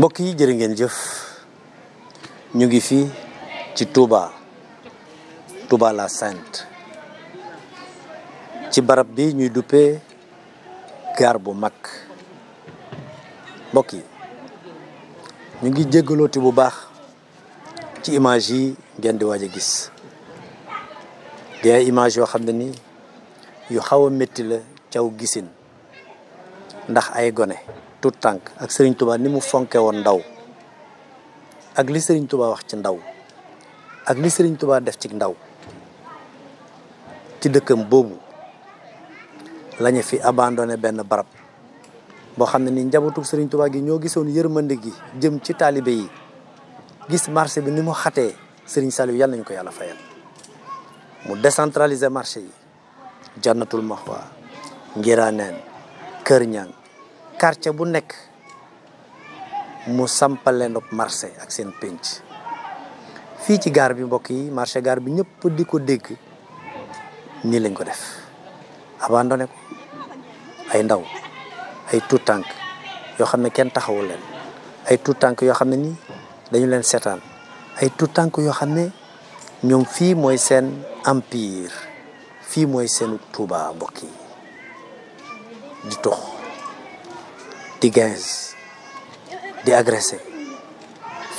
mbokk yi jërë ngeen jëf ñu ngi fii ci Touba Touba la Sainte ci barab bi ñuy duppee gaar bu mag mbokk yi ñu ngi jéggalooti bu baax ci image yi ngeen di a gis di ay image yoo xam ne ni yu xaw a métti la caw gisin ndax ay gone tout tànk ak sëriñ Touba ni mu fonke woon ndaw ak li sëriñ Touba wax ci ndaw ak li sëriñ tubaa def ci ndaw ci dëkkam boobu lañu fi abandonné benn barab boo xam ne ni njabootu sëriñ tubaa gi ñoo gisoon yërmande gi jëm ci taalibe yi gis marché bi ni mu xatee Serigne Saliou yàlla nañu ko yàlla fayal mu décentraliser marché yi jannatul maxwa ngiraneen kër ñang quartier bu nekk mu sampal leen ab ak seen pénc fii ci gaar bi mbokk yi marché gaar bi ñëpp di ko dégg nii lañ ko def abandonné ko ay ndaw ay tout tànk yoo xam ne kenn taxawul leen ay tout tànk yoo xam ne nii dañu leen seetaan ay tout tànk yoo xam ne ñoom fii mooy seen empire fii mooy seen Touba mbokk yi di tox di gaz di agressé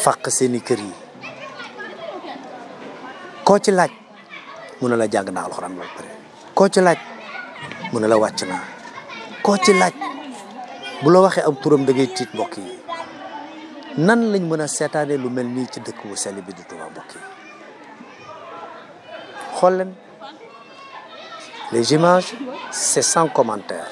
faq seeni kër yi koo ci laaj mu ne la jàng naa alxuraan ba pare koo ci laaj mu ne la wàcc naa koo ci laaj bu la waxee ab turam da tiit mbokk yi nan lañ mën a seetaane lu mel nii ci dëkk bu sell bi di Tuubaa mbokk yi xool leen les images c'est cent commentaire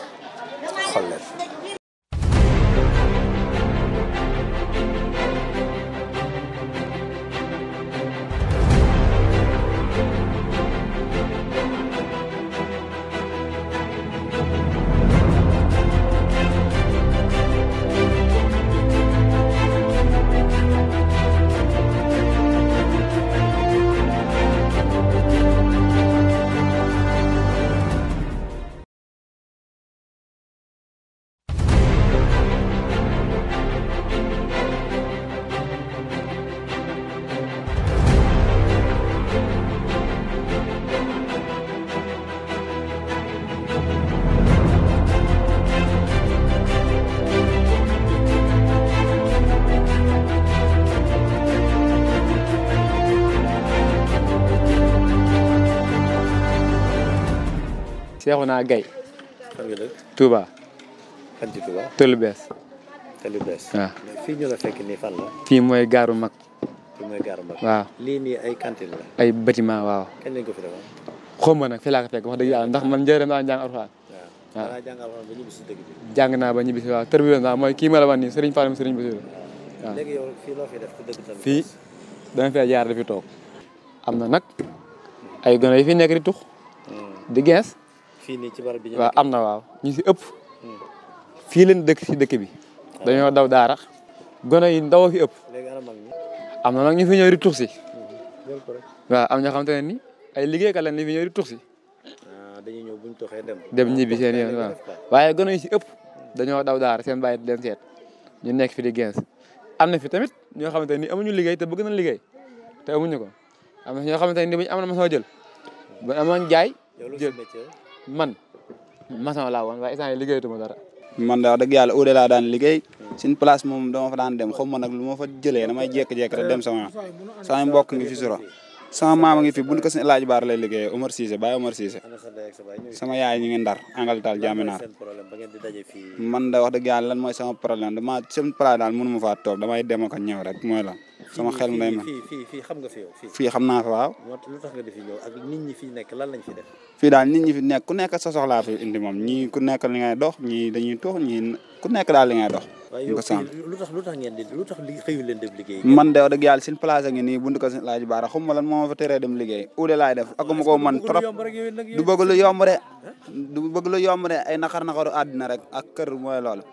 Cheikhouna Gaye Touba. fan ci Touba Tëlu Bees. Tëlu Bees. waaw fii ñu la fekk nii fan la. mooy gaaru mag. fii mooy gaaru mag. waaw lii nii ay cantine la. ay bâtiment waaw. kañ lañ ko fi xaw ma nag fii laa ko fekk wax dëgg yàlla ndax man njëriñ laa jàng alxuraan. waaw waaw jàng alxuraan ba ñibbi si dëgg bi. jàng naa ba ñibbi si waaw tër mooy kii ma la wan nii Serigne Fallou Serigne Bassirou. waaw léegi yow fii loo fi def ci dëgg tamit. fii toog. am na nag ay gone fi nekk di tux hmm. di gees fii nii ci barab bi waaw am na waaw ñu si ëpp. fii leen dëkk si dëkk bi. Ah. dañoo daw daara. gone yi ndaw fi ëpp. léegi am na nag ñu fi ñëw di tux si. Mhm. waaw am ñoo xamante ne ni ay liggéeykat lañ ñu fi ñëw di tux ah, dañuy ñëw buñ toxee dem. dem ñibbi seen waaye gone yi si ëpp. dañoo daw daara seen bàyyi dem seet. ñu nekk fi di gens am na fi tamit ñoo xamante ni amuñu liggéey te bëgg nañ liggéey te amuñu ko am na ñoo xamante ni buñ jaay man maçon laa woon waaye instant yii liggéeyatuma dara. man daa dëgg yàlla au-delà daan liggéey suñ place moom dama fa daan dem xaw ma nag lu ma fa jëlee damay jékki-jékki rek dem sama sama mbokk ngi fi sura sama maama ngi fi buñ ko seen laaj baar lay liggéeyee Omar Cissé Baye Omar Cissé sama yaay ñu ngi ndar Angaltal jaaminaar man da wax dëgg yàlla lan mooy sama problème dama seen problème daal mënu ma toog damay dem ak rek mooy lan sama xel nga fi yow xam naa fa waaw lu tax nekk ku nekk sa soxlaa fi indi moom ku nekk li ngay dox ñii dañuy toox ñii ku nekk daal li ngay dox. tax lu tax ngeen di lu tax xëyul man de wax dëgg place a ngi nii buntu ko laaj baara xaw ma lan moo ma fa teree dem liggéey uude laay def ak ma ko man trop du yomb de ay naqar naqaru àddina rek ak kër mooy loolu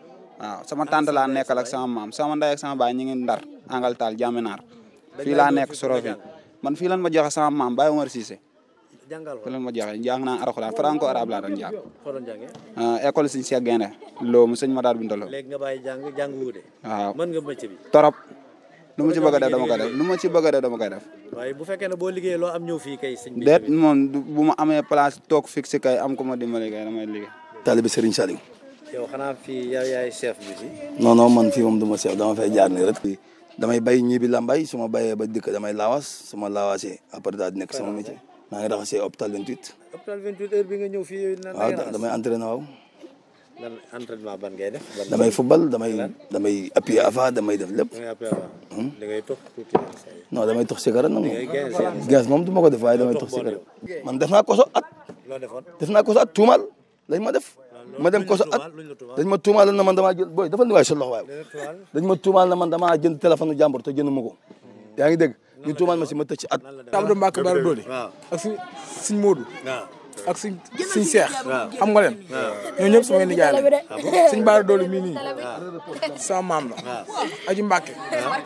waaw sama ah, tante laa nekk ak sama maam sama ndey ak sama baay ñu ngi ndar angal taal jàmminaar fii laa nekk soro fi man fii lan ma joxe sama maam Baye Omar Cissé te lan ma jaaxee jàng naa alxuraan franco arabe laa doon jàng ah, école suñu Cheikh léegi nga bàyyi jàng jàng wu de waaw mën nga métier bi torop nu a def dama ma ci bëgg dama koy def waaye bu fekkee ne boo liggéeyee loo am ñëw fii kay sëñ bi bu ma amee place toog fixe am ko ma dimbali kay damay liggéey taalibe Serigne Saliou fii yow yaay chef bi fi non non man fii moom du ma chef dama fay jaar ni rek damay bay ñii bi lambay su ma bayee ba dëkk damay laawas su ma laawaasee après daal di nekk sama métier maa ngi raxasee hôpital 28. hôpital 28 heure bi nga ñëw fii nan waaw ah, damay entraîné waaw. lan entraînement ban ngay def. damay football damay damay appui avant damay def lépp. damay hmm? da ngay tox tuuti. non damay tox cigarette nag moom. da ngay moom du ma ko def waaye damay tox cigarette. man def naa koso at. loo defoon def naa koso at tuumaal lañ ma def. ma dem koso at dañ ma tuumaal na man damaa jël booy defal ni waay sa ma tuumaal na man damaa jënd téléphone jàmbur te jënd ma ko hmm. yaa ngi dégg ñu tuumaal ma si ma tëj ci at. Abdou Mbacke Bara Dolly ak suñ suñ Modou. ak suñ suñ seex. xam nga leen. ñoo ñëpp sama nijaay la suñ Bara Dolly mii nii. sama maam la. aji Mbacke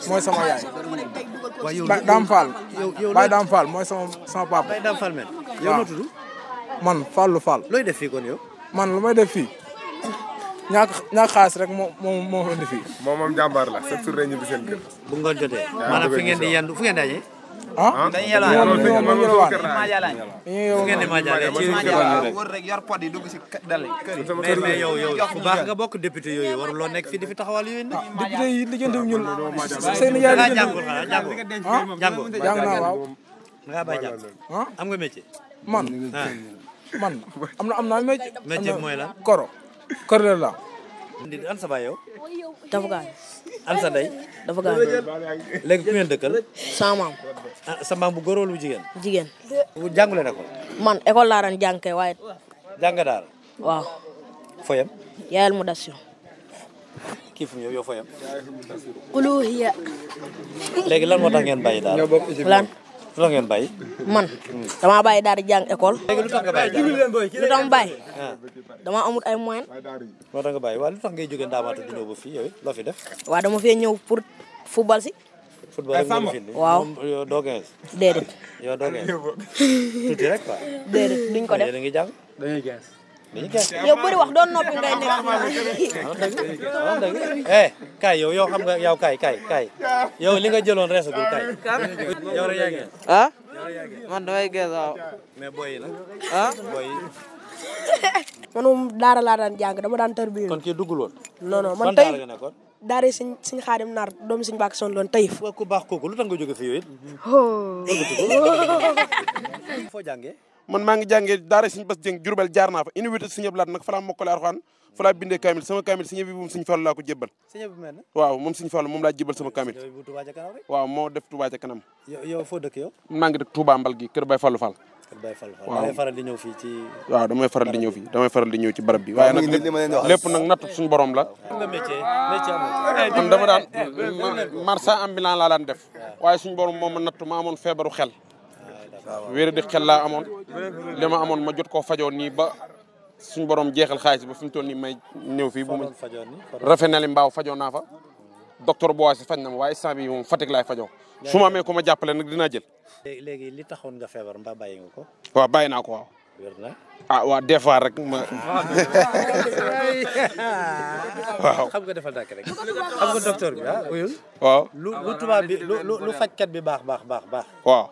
mooy sama yaay. waaw yow Dame Fall. mooy sama papa. Baye man Fallou Fall. looy def fii man lu may def fii. ñaak ñaak xaalis rek moo moo moom moom jàmbaar la chaque jour ñibbi seen kër. bu ngoon jotee maanaam fi ngeen di yendu fu ngeen di aje. ah dañuy yàlla waay dañuy yàlla waay fu ngeen di maajaale ci wër rek yor pod yi dugg si dal yow yow bu baax nekk fii fi taxawal yooyu. ah député yi lijjanti ñun seen yaay lijjanti jàngul xanaa jàngul ah? jàngul jàng naa waaw. nga bàyyi jàng ah? am nga métier. man ah. man na am naa métier. métier mooy lan koro. corridor la. Ndidi an sa baay dafa gaañ. an sa ndey. dafa gaañ. léegi ku ngeen dëkkal. sama maam. Ah, sa maam bu góor bu jigéen. jigéen. jàngule na ko. man école laa daan jàng kay waaye. jàng daal. waaw. foyam. yaayal mu das yo. kii fu mu yow yow foyam. uluhiya. léegi lan moo tax ngeen bàyyi daal. lan. lu ngeen bàyyi. man damaa bàyyi daal di jàng école. léegi lu tax nga bàyyi lu tax mu bàyyi. damaa ay moyen. moo tax nga lu tax ngay jóge ndaamaata di ñëw ba fii yow it loo fi def. waaw dama fee ñëw pour si. football rek moo fi waaw yow doo 15. déedéet ko def da ngay jàng da yow bëri wax doon noppi ngay nekk. eh kay yow yow xam nga yow kay kay li nga jëloon reesagul kay. yow rek yaa ngi ah man damay gees waaw. mais boy man moom daara laa daan jàng dama daan tër biir. kon kii duggul woon. non non man tey daara yi suñ suñ xaadim naar doomu suñ bàkk son loon tayif. ku baax kooku lu tax nga jóge foo jàngee. man maa ngi jàngee daara Sëñ Bass Dieng Jurbel jaar naa fa université Sëñ Abdu Lahat nag fa laa mokkale Alxuraan fa laa bindee kaamil sama kaamil Sëñ bi moom Sëñ Fallu laa ko jébbal waaw moom Sëñ Fallu moom laa jébbal sama kaamil waaw moo def Touba ca kanam yow foo dëkk yow maa ngi dëkk Touba mbal gi kër Baye Fallu Fall damay faral di ñëw fii ci waaw faral di ñëw fii damay faral di ñëw ci barab bi waaye nag lépp nag natt suñu borom la eh, man dama daan marchand ambulant laa daan def waaye suñu borom moom ma natt ma amoon feebaru xel wéer di xel laa amoon li amoon ma jot koo fajoon nii ba suñu borom jeexal xaalis ba fi mu toll nii may ñëw fii bu mu rafet na li mbaaw fajoon naa fa docteur Boissy faj na ma waaye instant moom Fatick laay fajoo su ma amee ku ma jàppale nag dinaa jël léegi li taxoon nga feebar mbaa bàyyi nga ko waaw bàyyi naa ko waaw ah waa des fois rek ma. waaw xam nga rek xam nga docteur ah, lu lu tubaab bi lu lu fajkat bi baax baax baax baax. waaw.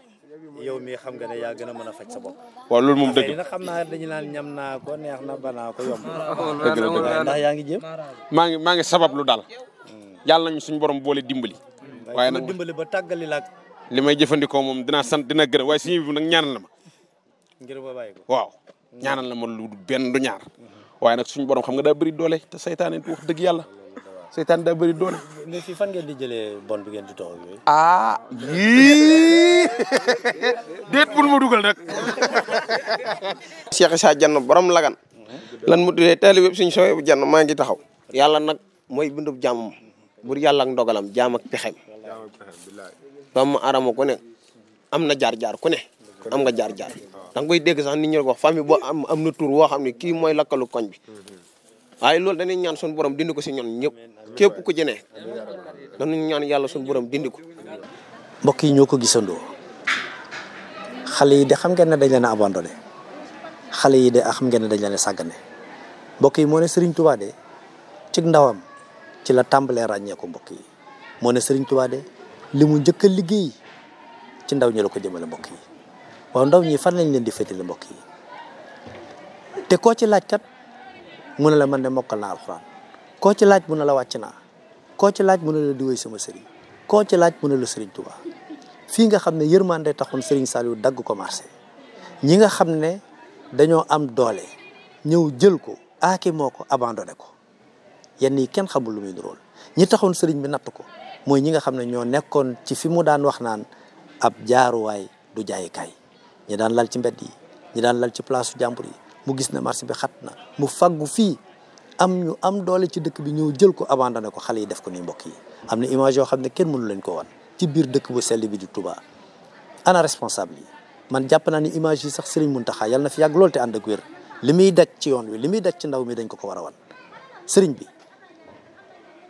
yow mii xam nga ne yaa gën a mën a faj sa bopp. waaw loolu moom dëgg la xam naa dañu naan ñam naa ko neex na ba naa ko yomb. dëgg la dëgg ndax yaa ngi jéem. maa ngi maa ngi sabab lu daal. Hmm. yàlla nañu suñu borom boole dimbali. Hmm. waaye nag dimbali ba tàggali laag. li may jëfandikoo moom dinaa sant dina gërëm waaye suñu bi nag ñaanal la ma. ngir ba bàyyi ko waaw. Hmm. ñaanal la ma lu benn du ñaar. waaye nag suñu borom xam nga daa bëri doole te saytaane dëgg yàlla seytaan daa bëri doole. mais fii fan ngeen di jëlee bon bi ngeen di toog yooyu. ah yii déet bul ma dugal rek. Cheikh Issa Diagne borom lagan lan mu tuddee taali wépp sooy bu Diagne maa ngi taxaw. yàlla nag mooy bindub jaamam bur yàlla ak ndogalam jaam ak pexem. doomu aadama ku ne am na jaar-jaar ku ne. am nga jaar-jaar da nga koy dégg sax ni ñi wax famille boo am am na tur woo xam ne kii mooy lakkalu koñ bi waaye loolu dañuy ñaan suñu borom dindi ko si ñoon ñëpp. képp ku ci ne dañu ñaan yàlla suñu borom dindi ko. mbokk yi ñoo ko gisandoo xale yi de xam ngeen ne dañ leen a abandonné xale yi de xam ngeen ne dañ leen a sàggane mbokk yi moo ne ci ndawam ci la tàmbalee ràññeeku mbokk yi moo ne Serigne Touba de li mu njëkk a liggéey ci ndaw ñi la ko jëmale mbokk yi waaw ndaw ñi fan lañ leen di féetale mbokk yi te koo ci laajkat mun ne la man de mokkal naa alxuraan. koo ci laaj mun ne la wàcc naa koo ci laaj mun ne la sama sëriñ koo ci laaj mu ne la sëriñ fii nga xam ne yërmande taxoon sëriñ Saliou dagg ko marché ñi nga xam ne dañoo am doole ñëw jël ko aaki moo ko abandonné ko yenn yi kenn xamul lu muy nuróol ñi taxoon sëriñ bi natt ko mooy ñi nga xam ne ñoo nekkoon ci fi mu daan wax naan ab jaaruwaay du jaayikaay ñi daan lal ci mbedd yi ñi daan lal ci place su jàmbur yi mu gis na marché bi xat na mu faggu fii am ñu am doole ci dëkk bi ñëw jël ko abandonné ko xale yi def ko ni mbokk yi am na image yoo xam ne kenn mënu leen ko wan ci biir dëkk bu sell bi di tubaa ana responsable yi man jàpp naa ni image yi sax Serigne Mountakha yal na fi yàgg lool te ànd a wér li muy daj ci yoon wi li muy daj ci ndaw mi dañ ko ko war a wan sëriñ bi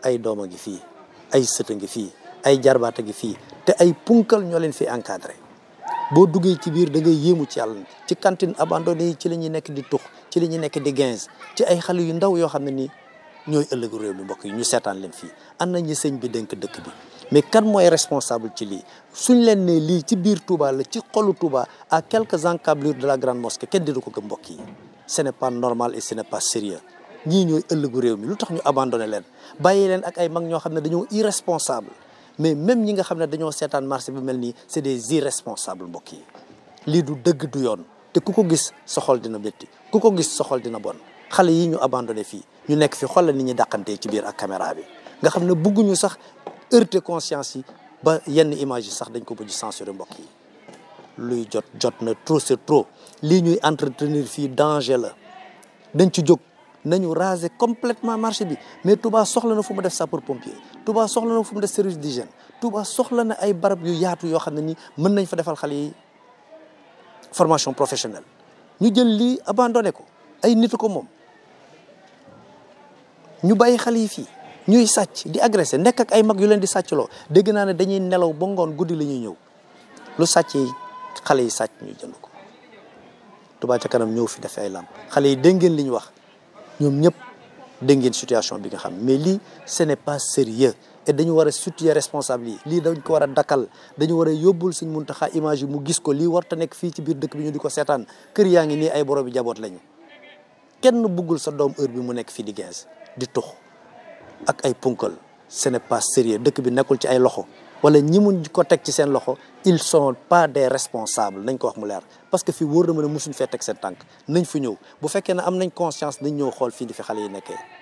ay doom a ngi fii ay sët ngi fii ay jarbaat ngi fii te ay punkal ñoo leen fi encadré boo duggee ci biir da ngay yéemu ci yàlla ci cantine abandonné yi ci la ñuy nekk di tux ci li ñu nekk di 15 ci ay xale yu ndaw yoo xam ne nii ñooy ëllëgu réew mi mbokk yi ñu seetaan leen fii an nañu sëñ bi dénk dëkk bi mais kan mooy responsable ci lii suñ leen ne lii ci biir Touba la ci xolu Touba ak quelques encablures de la grande mosquée kenn dina ko gëm mbokk yi ce n'est pas normal et ce n'est pas sérieux ñii ñooy ëllëgu réew mi lu tax ñu abandonné leen bàyyi leen ak ay mag ñoo xam ne dañoo irresponsable mais même ñi nga xam ne dañoo seetaan marché bu mel nii c'est des irresponsables mbokk yi lii du dëgg du yoon te ku ko gis sa dina bétti ku ko gis sa dina bon xale yi ñu abandonné fii ñu nekk fi xol la nit ñi ci biir ak caméra bi nga xam ne bëgguñu sax heurter conscience yi ba yenn image sax dañ ko bëgg censurer mbokk yi luy jot jot na trop c'est trop lii ñuy entretenir fii danger la dañ ci jóg nañu raser complètement marché bi mais Touba soxla na fu mu def sapeur pompier Touba soxla na fu mu def service d'hygiène Touba soxla na ay barab yu yaatu yoo xam ne ni mën nañ fa defal xale yi formation professionnelle ñu jël lii abandonné ko ay nitu ko moom ñu bay xale yi fii ñuy sàcc di agressé nekk ak ay mag yu leen di sàccloo dégg naa ne dañuy nelaw ba ngoon guddi la ñuy ñëw lu sàcc yi xale yi sàcc ñu jënd ko Touba ca kanam ñëw fi def ay làmp xale yi dégg ngeen li ñu wax ñoom ñëpp dégg ngeen situation bi nga xam mais lii ce n'est pas sérieux et dañu war a situer responsable yi lii dañ ko war a dakkal dañu war a yóbbul suñ muntaxa image yi mu gis ko lii warta nekk fii ci biir dëkk bi ñu di ko seetaan kër yaa ngi nii ay borom bi jaboot lañu kenn buggul sa doom heure bi mu nekk fii di gaz di tux ak ay punkal ce n'est pas sérieux dëkk bi nekkul ci ay loxo wala ñi mun ko teg ci seen loxo ils sont pas des responsables nañ ko wax mu leer parce que fii wóor na ma ne mosuñ fee teg seen tànk nañ fi ñëw bu fekkee ne am nañ conscience nañ ñëw xool fii di fi xale yi nekkee